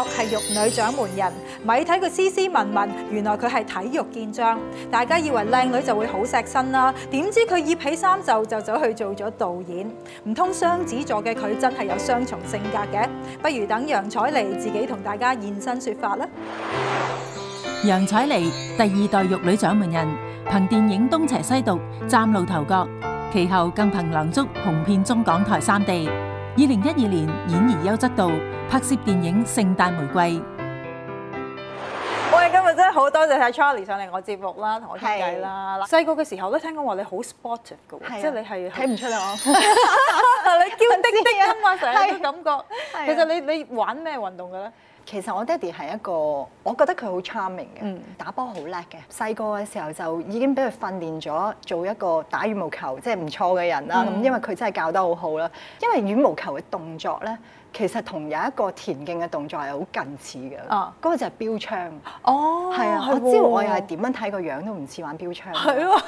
係玉女掌門人，咪睇佢斯斯文文，原來佢係體育健將。大家以為靚女就會好錫身啦，點知佢掖起衫袖就走去做咗導演。唔通雙子座嘅佢真係有雙重性格嘅？不如等楊采妮自己同大家現身說法啦。楊采妮，第二代玉女掌門人，憑電影《東邪西毒》嶄露頭角，其後更憑《梁祝》紅遍中港台三地。二零一二年演而優則導拍攝電影《聖誕玫瑰》。我哋今日真係好多謝晒 Charlie 上嚟我節目啦，同我傾偈啦。細個嘅時候都聽講話你好 sportive 嘅，的即係你係睇唔出嚟我， 你嬌滴滴啊嘛，成日都感覺。其實你你玩咩運動嘅咧？其實我爹哋係一個，我覺得佢好 charming 嘅，打波好叻嘅。細個嘅時候就已經俾佢訓練咗做一個打羽毛球即係唔錯嘅人啦。咁因為佢真係教得好好啦。因為羽毛球嘅動作呢，其實同有一個田徑嘅動作係好近似嘅。哦，嗰個就係標槍、啊哦啊。哦，係啊，我知，我又係點樣睇個樣都唔似玩標槍是的。係 咯，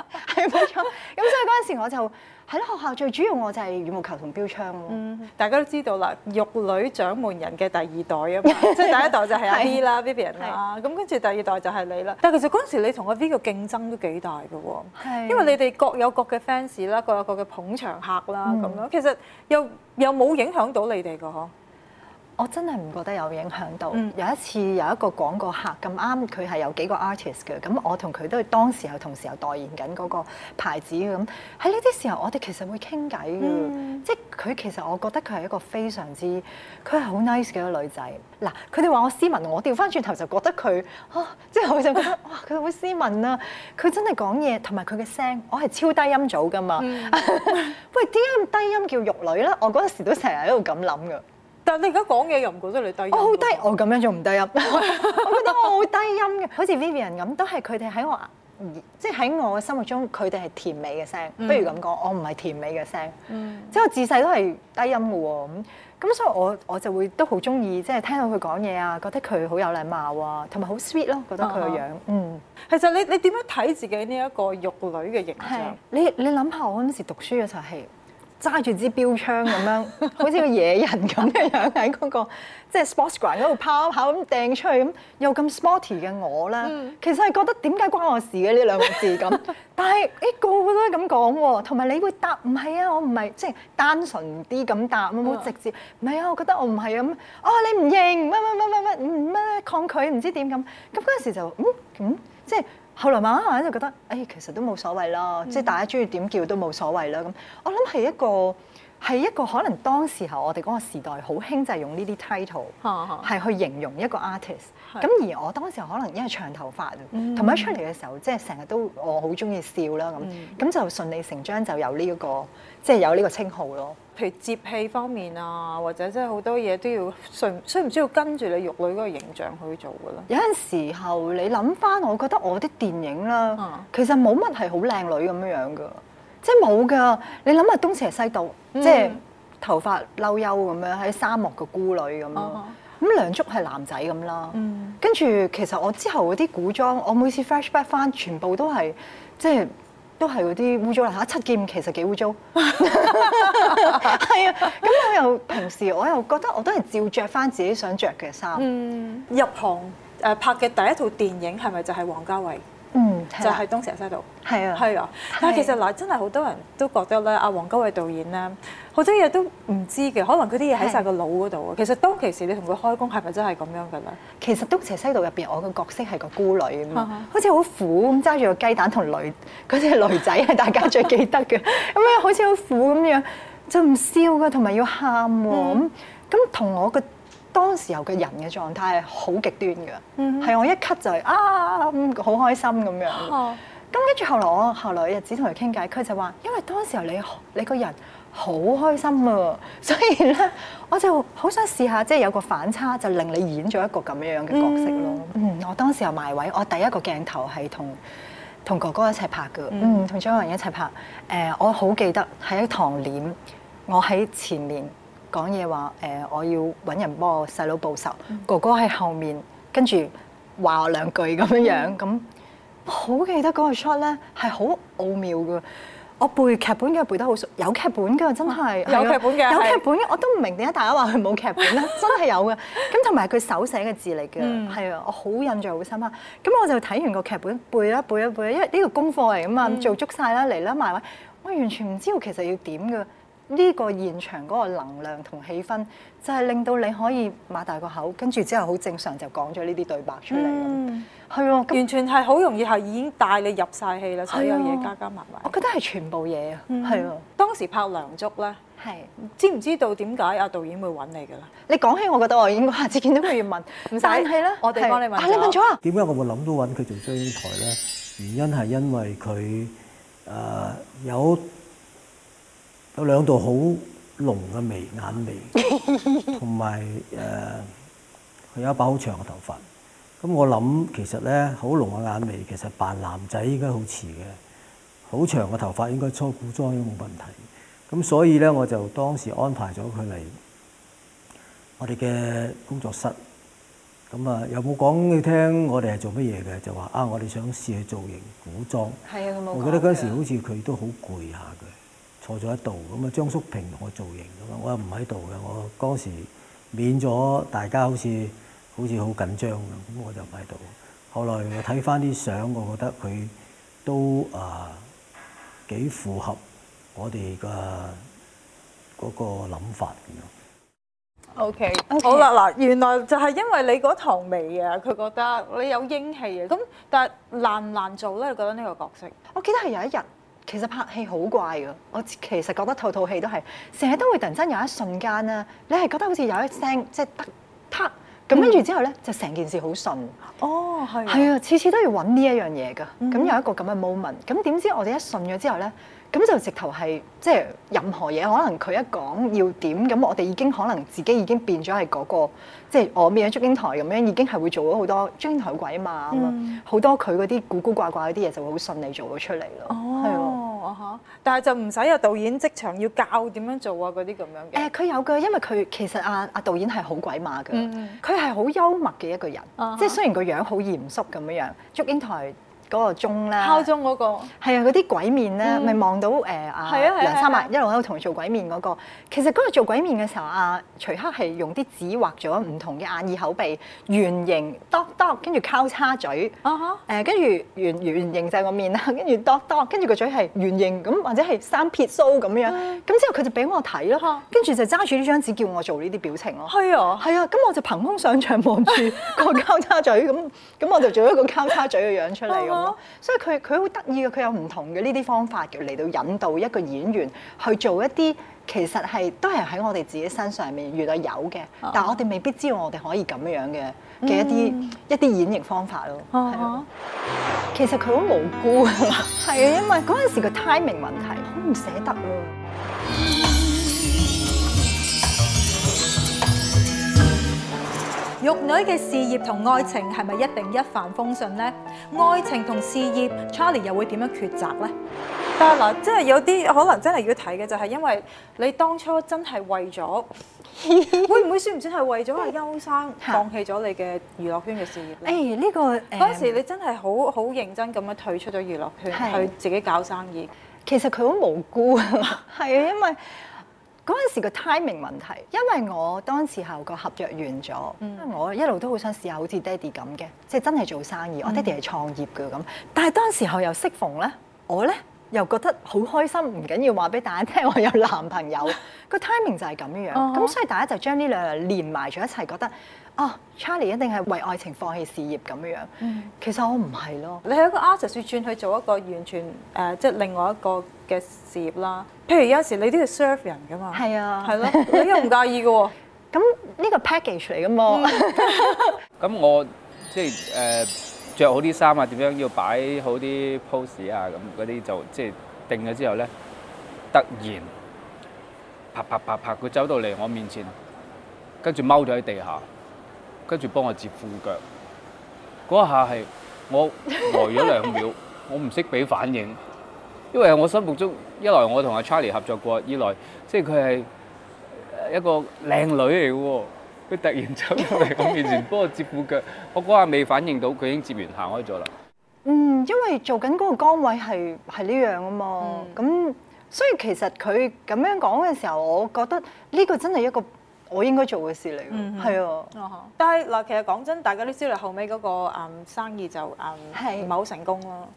係冇錯。咁所以嗰陣時我就。喺咯，學校最主要我就係羽毛球同標槍咯、啊。嗯嗯、大家都知道啦，玉女掌門人嘅第二代啊嘛，即係 第一代就係阿 V 啦，Vivian 啦，咁跟住第二代就係你啦。但係其實嗰陣時你同阿 V 嘅競爭都幾大嘅喎、啊，是因為你哋各有各嘅 fans 啦，各有各嘅捧場客啦，咁、嗯、樣其實又又冇影響到你哋嘅呵？我真係唔覺得有影響到。嗯、有一次有一個廣告客，咁啱佢係有幾個 artist 嘅，咁我同佢都當時候同時又代言緊嗰個牌子，咁喺呢啲時候我哋其實會傾偈嘅，嗯、即係佢其實我覺得佢係一個非常之佢係好 nice 嘅一個女仔。嗱，佢哋話我斯文，我調翻轉頭就覺得佢啊，即係我就覺得哇佢好斯文啊！佢真係講嘢同埋佢嘅聲，我係超低音組㗎嘛。嗯、 喂，點解咁低音叫玉女呢？我嗰陣時都成日喺度咁諗㗎。但你而家講嘢又唔覺得你低音，低，低音？我好低，我咁樣仲唔低音？我覺得我好低音嘅，好似 Vivian 咁，都係佢哋喺我，即係喺我心目中佢哋係甜美嘅聲。嗯、不如咁講，我唔係甜美嘅聲。嗯、即係我自細都係低音嘅喎。咁咁所以我，我我就會都好鍾意，即、就、係、是、聽到佢講嘢啊，覺得佢好有禮貌啊，同埋好 sweet 咯，覺得佢個樣。啊、嗯，其實你你點樣睇自己呢一個玉女嘅形象？你你諗下，我嗰陣時讀書嘅時候係。揸住支標槍咁樣，好似個野人咁嘅樣喺嗰、 嗰個即係 sportsground 嗰度一跑咁掟出去咁，又咁 sporty 嘅我啦，其實係覺得點解關我事嘅呢兩個字咁？但係誒個個都係咁講喎，同埋你會答唔係啊，我唔係即係單純啲咁答，唔好直接。唔係啊，我覺得我唔係啊，哦你唔認，乜乜乜乜乜乜抗拒，唔知點咁。咁嗰陣時就嗯嗯即係。嗯就是後來慢慢就覺得，誒、哎、其實都冇所謂啦，嗯、即係大家中意點叫都冇所謂啦。咁我諗係一個係一個可能當時候我哋嗰個時代好興就係用呢啲 title 係、嗯嗯、去形容一個 artist 是。咁而我當時可能因為長頭髮，同埋一出嚟嘅時候即係成日都我好中意笑啦咁，咁就順理成章就有呢、這、一個即係、就是、有呢個稱號咯。譬如接戲方面啊，或者即係好多嘢都要需需唔需要跟住你玉女嗰個形象去做嘅咧？有陣時候你諗翻，我覺得我啲電影啦，嗯、其實冇乜係好靚女咁樣樣嘅，即係冇嘅。你諗下東邪西，西毒，嗯、即係頭髮嬲嬲咁樣，喺沙漠嘅孤女咁樣。咁梁祝係男仔咁啦，跟住其實我之後嗰啲古裝，我每次 flash back 翻，全部都係即係。都係嗰啲污糟啦嚇，七劍其實幾污糟，係 啊。咁我又平時我又覺得我都係照着返自己想着嘅衫。嗯。入行誒、呃、拍嘅第一套電影係咪就係王家衞？嗯， 就係《東邪西毒》，係啊，係啊，但係其實嗱，真係好多人都覺得咧，阿王家衞導演咧，好多嘢都唔知嘅，可能佢啲嘢喺晒個腦嗰度啊。其實當其時你同佢開工係咪真係咁樣㗎咧？其實《東邪西毒》入邊，我嘅角色係個孤女啊嘛、 嗯，好似好苦咁揸住個雞蛋同雷，嗰隻雷仔係大家最記得嘅，咁樣 好似好苦咁樣，就唔笑嘅，同埋要喊喎咁，咁同我個。 當時候嘅人嘅狀態係好極端嘅，係、mm hmm. 我一咳就係啊好開心咁樣。咁跟住後來我後來日子同佢傾偈，佢就話：因為當時候你你個人好開心啊。」所以咧我就好想試下即係有個反差，就令你演咗一個咁樣嘅角色咯。嗯、mm，hmm. 我當時候埋位，我第一個鏡頭係同同哥哥一齊拍㗎，嗯、mm，同張雲一齊拍。誒、呃，我好記得喺一堂簾，我喺前面。講嘢話誒、呃，我要搵人幫我細佬報仇，嗯、哥哥喺後面跟住話我兩句咁樣樣，咁好、嗯、記得嗰個 shot 咧係好奧妙嘅。我背劇本嘅背得好熟，有劇本嘅真係有劇本嘅，有劇本嘅的我都唔明點解大家話佢冇劇本咧，真係有嘅。咁同埋佢手寫嘅字嚟嘅，係啊、嗯，我好印象好深刻。咁我就睇完個劇本，背啦背一背，因為呢個功課嚟啊嘛，做足晒啦嚟啦埋啦，我完全唔知，知道其實要點嘅。呢個現場嗰個能量同氣氛，就係令到你可以擘大個口，跟住之後好正常就講咗呢啲對白出嚟。嗯，啊、完全係好容易係已經帶你入晒戲啦，啊、所有嘢加加埋埋。我覺得係全部嘢、嗯、啊，係啊。當時拍梁祝咧，係是知唔知道點解阿導演會揾你㗎啦？你講起我覺得我應該下次見到佢要問，唔使係啦， 我哋幫你問。啊，你問咗啊？點解我會諗到揾佢做張台咧？原因係因為佢誒、呃、有。有有兩道好濃嘅眉眼眉，同埋誒佢有一把好長嘅頭髮。咁我諗其實咧，好濃嘅眼眉其實扮男仔應該好似嘅，好長嘅頭髮應該穿古裝都冇問題。咁所以咧，我就當時安排咗佢嚟我哋嘅工作室。咁啊，有冇講你聽？我哋係做乜嘢嘅？就話啊，我哋想試下造型古裝。係啊，我覺得嗰時好似佢都好攰下嘅。坐咗喺度，咁啊張叔平同我造型，咁啊我又唔喺度嘅，我當時免咗大家好似好似好緊張嘅，咁我就喺度。後來我睇翻啲相，我覺得佢都啊幾、呃、符合我哋嘅嗰個諗法嘅。OK，OK，好啦嗱，原來就係因為你嗰堂眉啊，佢覺得你有英氣啊。咁但係難唔難做咧？你覺得呢個角色？我記得係有一日。其實拍戲好怪㗎，我其實覺得套套戲都係成日都會突然間有一瞬間咧，你係覺得好似有一聲即係得突咁，跟住之後咧就成件事好順。哦，係係啊，次次都要揾呢一樣嘢㗎。咁有一個咁嘅 moment，咁點知我哋一順咗之後咧，咁就直頭係即係任何嘢，可能佢一講要點，咁我哋已經可能自己已經變咗係嗰個，即係我變咗祝英台咁樣，已經係會做咗好多祝英台鬼嘛，嗯，好多佢嗰啲古古怪怪嗰啲嘢就會好順利做咗出嚟咯。哦，係 Uh huh. 但係就唔使有導演即場要教點樣做啊，嗰啲咁樣嘅。誒、呃，佢有嘅，因為佢其實阿、啊、阿導演係好鬼馬嘅，佢係好幽默嘅一個人，uh huh. 即係雖然個樣好嚴肅咁樣。祝英台。嗰個鐘咧，敲鐘嗰個係啊！嗰啲鬼面咧，咪望到誒啊梁三啊，一路喺度同佢做鬼面嗰個。其實嗰日做鬼面嘅時候，阿徐克係用啲紙畫咗唔同嘅眼耳口鼻圓形，dot dot，跟住交叉嘴。啊哈！誒，跟住圓圓形就係個面啦，跟住 dot dot，跟住個嘴係圓形咁，或者係三撇鬚咁樣。咁之後佢就俾我睇咯，跟住就揸住呢張紙叫我做呢啲表情咯。係啊，係啊，咁我就憑空想像望住個交叉嘴，咁咁我就做一個交叉嘴嘅樣出嚟。所以佢佢好得意嘅，佢有唔同嘅呢啲方法嚟到引導一個演員去做一啲其實係都係喺我哋自己身上面原來有嘅，啊、但我哋未必知道我哋可以咁樣嘅嘅、嗯、一啲一啲演繹方法咯。嚇、啊！其實佢好無辜係嘛？係 啊，因為嗰陣時個 timing 問題，好唔捨得啊。玉女嘅事業同愛情係咪一定一帆風順呢？愛情同事業，Charlie 又會點樣抉擇呢？但係嗱，即係有啲可能真係要睇嘅，就係、是、因為你當初真係為咗， 會唔會算唔算係為咗阿優生放棄咗你嘅娛樂圈嘅事業呢？誒呢、 哎這個嗰、嗯、時你真係好好認真咁樣退出咗娛樂圈是去自己搞生意，其實佢好無辜，係啊 因為。嗰陣時個 timing 問題，因為我當時候個合約完咗，嗯、我一路都好想試下好似爹哋咁嘅，即係真係做生意。我爹哋係創業嘅，咁、嗯、但係當時候又適逢咧，我咧。又覺得好開心，唔緊要話俾大家聽我有男朋友，個 timing 就係咁樣樣，咁、uh huh. 所以大家就將呢兩日連埋咗一齊，覺得哦 Charlie 一定係為愛情放棄事業咁樣樣。Mm. 其實我唔係咯，你係個 artist 轉去做一個完全誒、呃，即係另外一個嘅事業啦。譬如有時你都要 serve 人㗎嘛，係啊，係咯、啊， 你又唔介意嘅喎。咁呢 個 package 嚟㗎嘛。咁、mm. 我即係誒。呃着好啲衫啊，點樣要擺好啲 pose 啊，咁嗰啲就即係、就是、定咗之後咧，突然啪啪啪啪，佢走到嚟我面前，跟住踎咗喺地下，跟住幫我折褲腳。嗰下係我呆咗兩秒，我唔識俾反應，因為我心目中一來我同阿 Charlie 合作過，二來即係佢係一個靚女嚟嘅喎。佢突然走咗嚟我面前，幫我接褲腳。我嗰下未反應到，佢已經接完行開咗啦。嗯，因為做緊嗰個崗位係係呢樣啊嘛。咁、嗯、所以其實佢咁樣講嘅時候，我覺得呢個真係一個我應該做嘅事嚟。嗯哼，係啊。嗯、哼但係嗱，其實講真，大家都知道後尾嗰個生意就誒唔係好成功咯。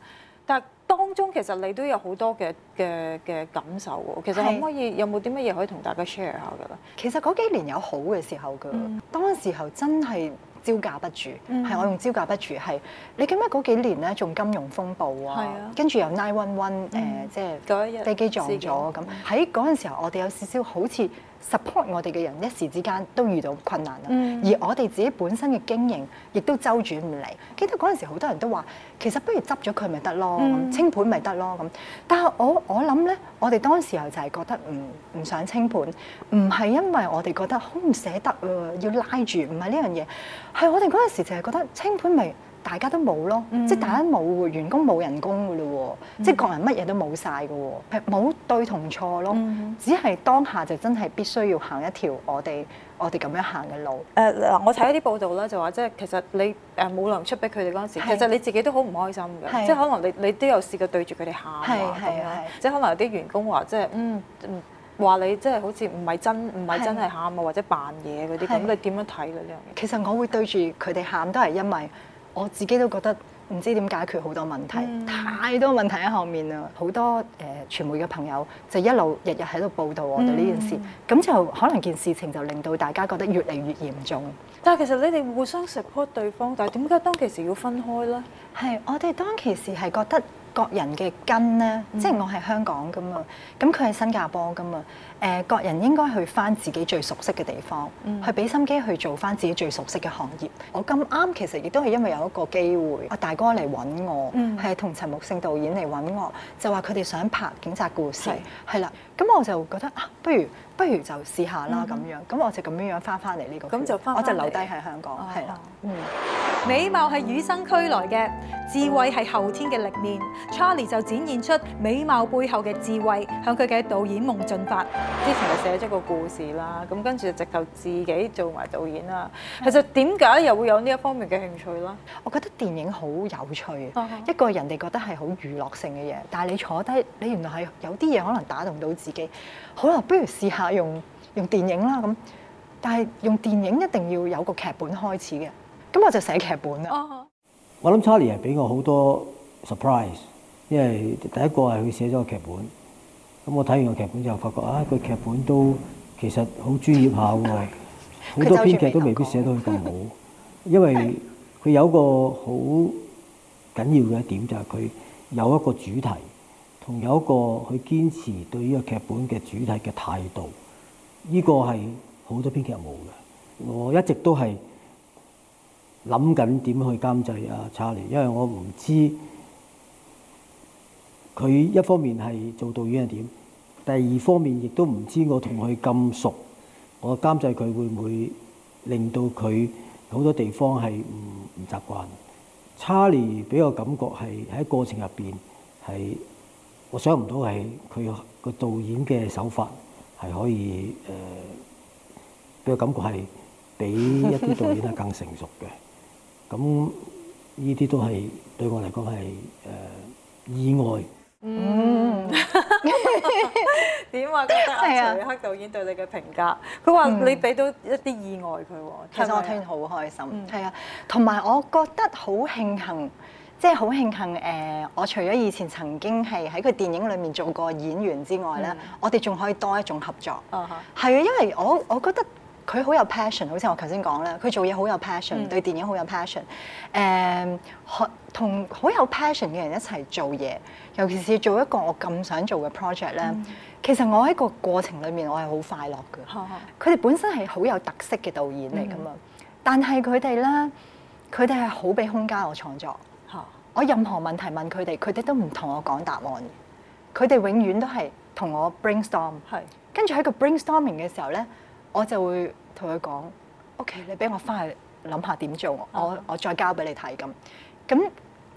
但係。當中其實你都有好多嘅嘅嘅感受喎，其實可唔可以是有冇啲乜嘢可以同大家 share 下嘅咧？其實嗰幾年有好嘅時候嘅，嗯、當時候真係招架不住，係、嗯、我用招架不住係，你記唔記得嗰幾年咧仲金融風暴啊，跟住又 nine one one 誒即係飛機撞咗咁，喺嗰陣時候我哋有少少好似。support 我哋嘅人一時之間都遇到困難啦，嗯、而我哋自己本身嘅經營亦都周轉唔嚟。記得嗰陣時好多人都話，其實不如執咗佢咪得咯，嗯、清盤咪得咯咁。但係我我諗咧，我哋當時候就係覺得唔唔想清盤，唔係因為我哋覺得好唔捨得啊，要拉住，唔係呢樣嘢，係我哋嗰陣時就係覺得清盤咪、就係。大家都冇咯，即係大家冇喎，員工冇人工㗎咯，即係個人乜嘢都冇晒㗎喎，冇對同錯咯，只係當下就真係必須要行一條我哋我哋咁樣行嘅路。誒嗱，我睇一啲報道啦，就話即係其實你誒冇糧出俾佢哋嗰陣時，其實你自己都好唔開心嘅，即係可能你你都有試過對住佢哋喊啊咁樣，即係可能有啲員工話即係嗯話你即係好似唔係真唔係真係喊啊，或者扮嘢嗰啲咁，你點樣睇咧呢樣嘢？其實我會對住佢哋喊都係因為。我自己都覺得唔知點解決好多問題，嗯、太多問題喺後面啦。好多誒、呃，傳媒嘅朋友就一路日日喺度報道我哋呢件事，咁、嗯、就可能件事情就令到大家覺得越嚟越嚴重。但係其實你哋互相 support 對方，但係點解當其時要分開呢？係我哋當其時係覺得。各人嘅根呢，即係我係香港噶嘛，咁佢係新加坡噶嘛，誒，各人應該去翻自己最熟悉嘅地方，嗯、去俾心機去做翻自己最熟悉嘅行業。我咁啱其實亦都係因為有一個機會，阿大哥嚟揾我，係同、嗯、陳木勝導演嚟揾我，就話佢哋想拍警察故事，係啦的。咁我就覺得啊，不如不如就試下啦咁、嗯、樣。咁我就咁樣樣翻翻嚟呢個，我就，就，回回我就留低喺香港，係啦、啊。的嗯，美貌係與生俱來嘅，嗯、智慧係後天嘅歷練。Charlie 就展現出美貌背後嘅智慧，向佢嘅導演夢進發。之前就寫咗個故事啦，咁跟住就直頭自己做埋導演啦。嗯、其實點解又會有呢一方面嘅興趣啦？我覺得電影好有趣，嗯、一個人哋覺得係好娛樂性嘅嘢，但係你坐低，你原來係有啲嘢可能打動到自己。自己好啦，不如試下用用電影啦咁。但係用電影一定要有個劇本開始嘅，咁我就寫劇本啦。我諗 Charlie 係俾我好多 surprise，因為第一個係佢寫咗個劇本，咁我睇完個劇本之後就發覺啊，佢劇本都其實好專業下喎，好多編劇都未必寫到佢咁好，因為佢有一個好緊要嘅一點就係佢有一個主題。同有一個去堅持對呢個劇本嘅主題嘅態度，呢個係好多編劇冇嘅。我一直都係諗緊點去監製啊查理，因為我唔知佢一方面係做導演係點，第二方面亦都唔知我同佢咁熟，我監製佢會唔會令到佢好多地方係唔唔習慣。查理畀我感覺係喺過程入邊係。我想唔到係佢個導演嘅手法係可以誒，俾個感覺係比一啲導演係更成熟嘅。咁呢啲都係對我嚟講係，誒，意外。嗯，點話？阿徐克導演對你嘅評價，佢話你俾到一啲意外佢喎。其實我聽好開心。嗯，係啊，同埋我覺得好慶幸。即係好慶幸誒、呃！我除咗以前曾經係喺佢電影裏面做過演員之外咧，嗯、我哋仲可以多一種合作。係啊、嗯，因為我我覺得佢好有 passion，好似我頭先講咧，佢做嘢好有 passion，嗯、對電影好有 passion、呃。誒，學同好有 passion 嘅人一齊做嘢，尤其是做一個我咁想做嘅 project 咧、嗯。其實我喺個過程裏面，我係好快樂嘅。佢哋、嗯嗯、本身係好有特色嘅導演嚟㗎嘛，嗯嗯、但係佢哋咧，佢哋係好俾空間我創作。我任何問題問佢哋，佢哋都唔同我講答案。佢哋永遠都係同我 brainstorm。係是。跟住喺個 brainstorming 嘅時候咧，我就會同佢講：OK，你俾我返去諗下點做我，嗯、我我再交俾你睇。咁，咁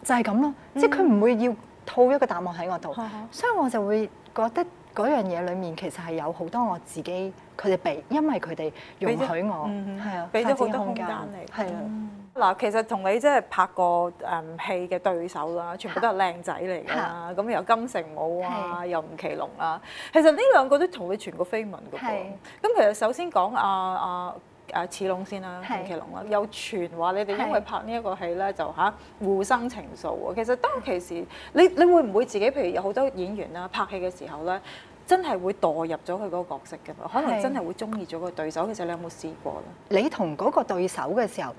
就係咁咯。即係佢唔會要套一個答案喺我度，的所以我就會覺得嗰樣嘢裡面其實係有好多我自己。佢哋俾，因為佢哋容許我，係啊，俾咗好多空間嚟。係啊。的嗱，其實同你即係拍過誒戲嘅對手啦，全部都係靚仔嚟㗎啦。咁的又金城武啊，的又吳奇隆啊。其實呢兩個都同佢傳過緋聞嘅喎。咁的其實首先講阿阿誒馳龍先啦，吳奇隆啦，的有傳話你哋因為拍呢一個戲咧，的就嚇、啊、互生情愫啊。其實當其時你，你你會唔會自己譬如有好多演員啦，拍戲嘅時候咧，真係會墮入咗佢個角色嘅？的可能真係會中意咗個對手。其實你有冇試過咧？你同嗰個對手嘅時候。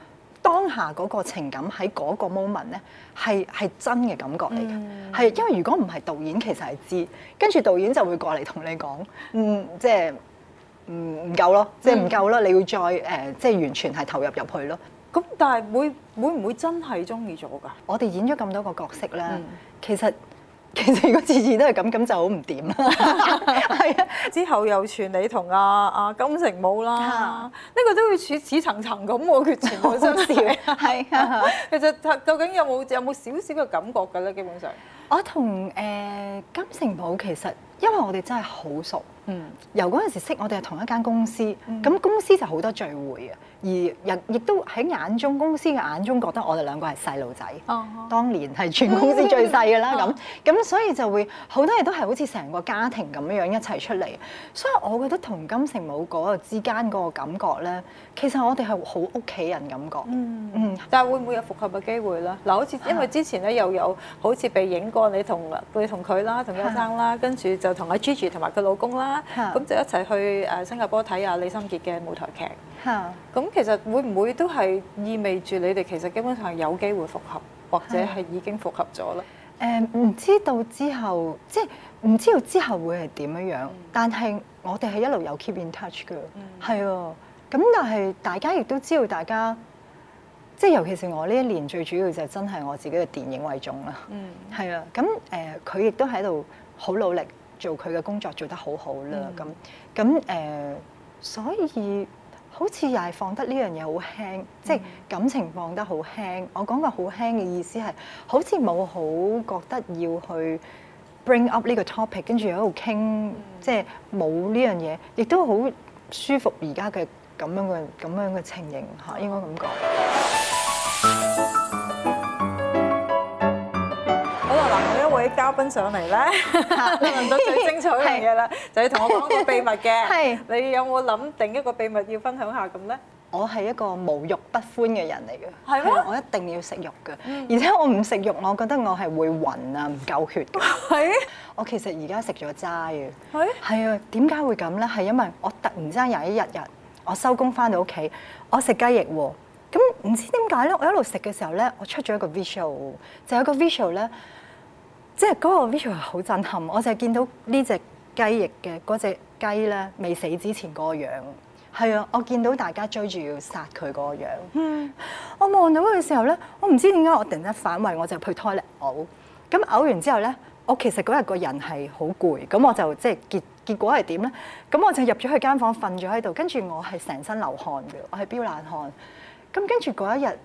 當下嗰個情感喺嗰個 moment 咧，係係真嘅感覺嚟嘅，係、嗯、因為如果唔係導演其實係知，跟住導演就會過嚟同你講，嗯，即係唔唔夠咯，即係唔夠咯，你會再誒，即、呃、係、就是、完全係投入入去咯。咁、嗯、但係會會唔會真係中意咗㗎？我哋演咗咁多個角色咧，其實。嗯其實如果次次都係咁，咁就好唔掂啦。係啊，之後又傳你同阿阿金城武啦，呢、啊、個都會似似層層咁喎，佢全部新事。係、啊，啊、 其實究竟有冇有冇少少嘅感覺㗎咧？基本上，我同誒金城武其實因為我哋真係好熟。嗯，由嗰陣時識，我哋係同一間公司，咁、嗯、公司就好多聚會嘅，而人亦都喺眼中公司嘅眼中覺得我哋兩個係細路仔，哦、哈當年係全公司最細嘅啦，咁，咁所以就會好多嘢都係好似成個家庭咁樣一齊出嚟，所以我覺得同金城武嗰個之間嗰個感覺咧，其實我哋係好屋企人感覺，嗯，嗯但係會唔會有復合嘅機會咧？嗱，好似因為之前咧又有好似被影過你同你同佢啦，同阿生啦，跟住就同阿朱朱同埋佢老公啦。和他 咁就、嗯、一齊去誒新加坡睇下李心潔嘅舞台劇。咁、嗯、其實會唔會都係意味住你哋其實基本上係有機會復合，或者係已經復合咗啦？誒唔、嗯、知道之後，即係唔知道之後會係點樣樣。但係我哋係一路有 keep in touch 嘅。係啊、嗯，咁但係大家亦都知道，大家即係尤其是我呢一年最主要就真係我自己嘅電影為重啦。係啊、嗯，咁誒佢亦都喺度好努力。做佢嘅工作做得好好啦，咁咁誒，所以好似又係放得呢樣嘢好輕，嗯、即係感情放得好輕。我講個好輕嘅意思係，好似冇好覺得要去 bring up 呢個 topic，跟住喺度傾，嗯、即係冇呢樣嘢，亦都好舒服而家嘅咁樣嘅咁樣嘅情形嚇，應該咁講。嗯位嘉賓上嚟咧，你問到最精彩一樣嘢啦，就要同我講個秘密嘅。你有冇諗定一個秘密要分享下咁咧？我係一個無肉不歡嘅人嚟嘅，係咩？我一定要食肉嘅，而且我唔食肉，我覺得我係會暈啊，唔夠血嘅。係，我其實而家食咗齋啊。係啊，點解會咁咧？係因為我突然之間有一日日，我收工翻到屋企，我食雞翼喎。咁唔知點解咧？我一路食嘅時候咧，我出咗一個 visual，就有個 visual 咧。即係嗰個 video 好震撼，我就係見到呢隻雞翼嘅嗰隻雞咧未死之前嗰個樣，係啊，我見到大家追住要殺佢嗰個樣，嗯，我望到佢嘅時候咧，我唔知點解我突然間反胃，我就去 toilet 嚟嘔，咁嘔完之後咧，我其實嗰日個人係好攰，咁我就即係結結果係點咧？咁我就入咗去間房瞓咗喺度，跟住我係成身流汗嘅，我係飆冷汗，咁跟住嗰一日。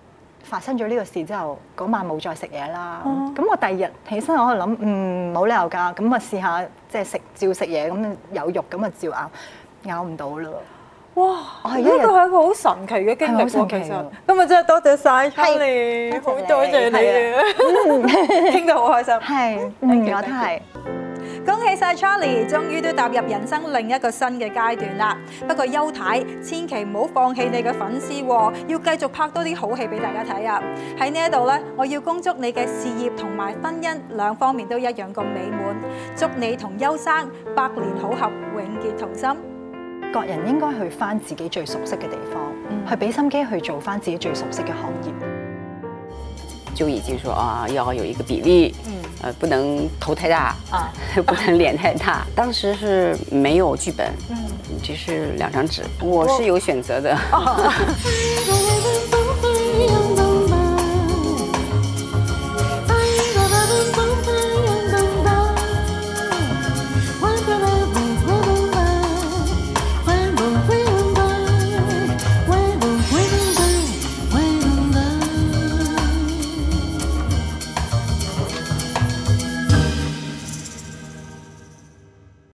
發生咗呢個事之後，嗰晚冇再食嘢啦。咁、嗯、我第二日起身，我係諗，冇理由㗎。咁啊試下，即係食照食嘢，咁有肉，咁啊照咬，咬唔到啦。哇！呢個係一個好神奇嘅經歷喎，好神奇！其實。咁真係多謝晒 Charlie 好多謝你，傾到好開心。係，其實都係。恭喜晒 Charlie，終於都踏入人生另一個新嘅階段啦！不過邱太，千祈唔好放棄你嘅粉絲，要繼續拍多啲好戲俾大家睇啊！喺呢一度咧，我要恭祝你嘅事業同埋婚姻兩方面都一樣咁美滿，祝你同邱生百年好合，永結同心。各人應該去翻自己最熟悉嘅地方，嗯、去俾心機去做翻自己最熟悉嘅行業。就已經說啊，又可以有一個 BB。嗯呃，不能頭太大、uh. 不能臉太大。Uh. 當時是沒有劇本，嗯，uh. 是兩張紙，我是有選擇的。Oh.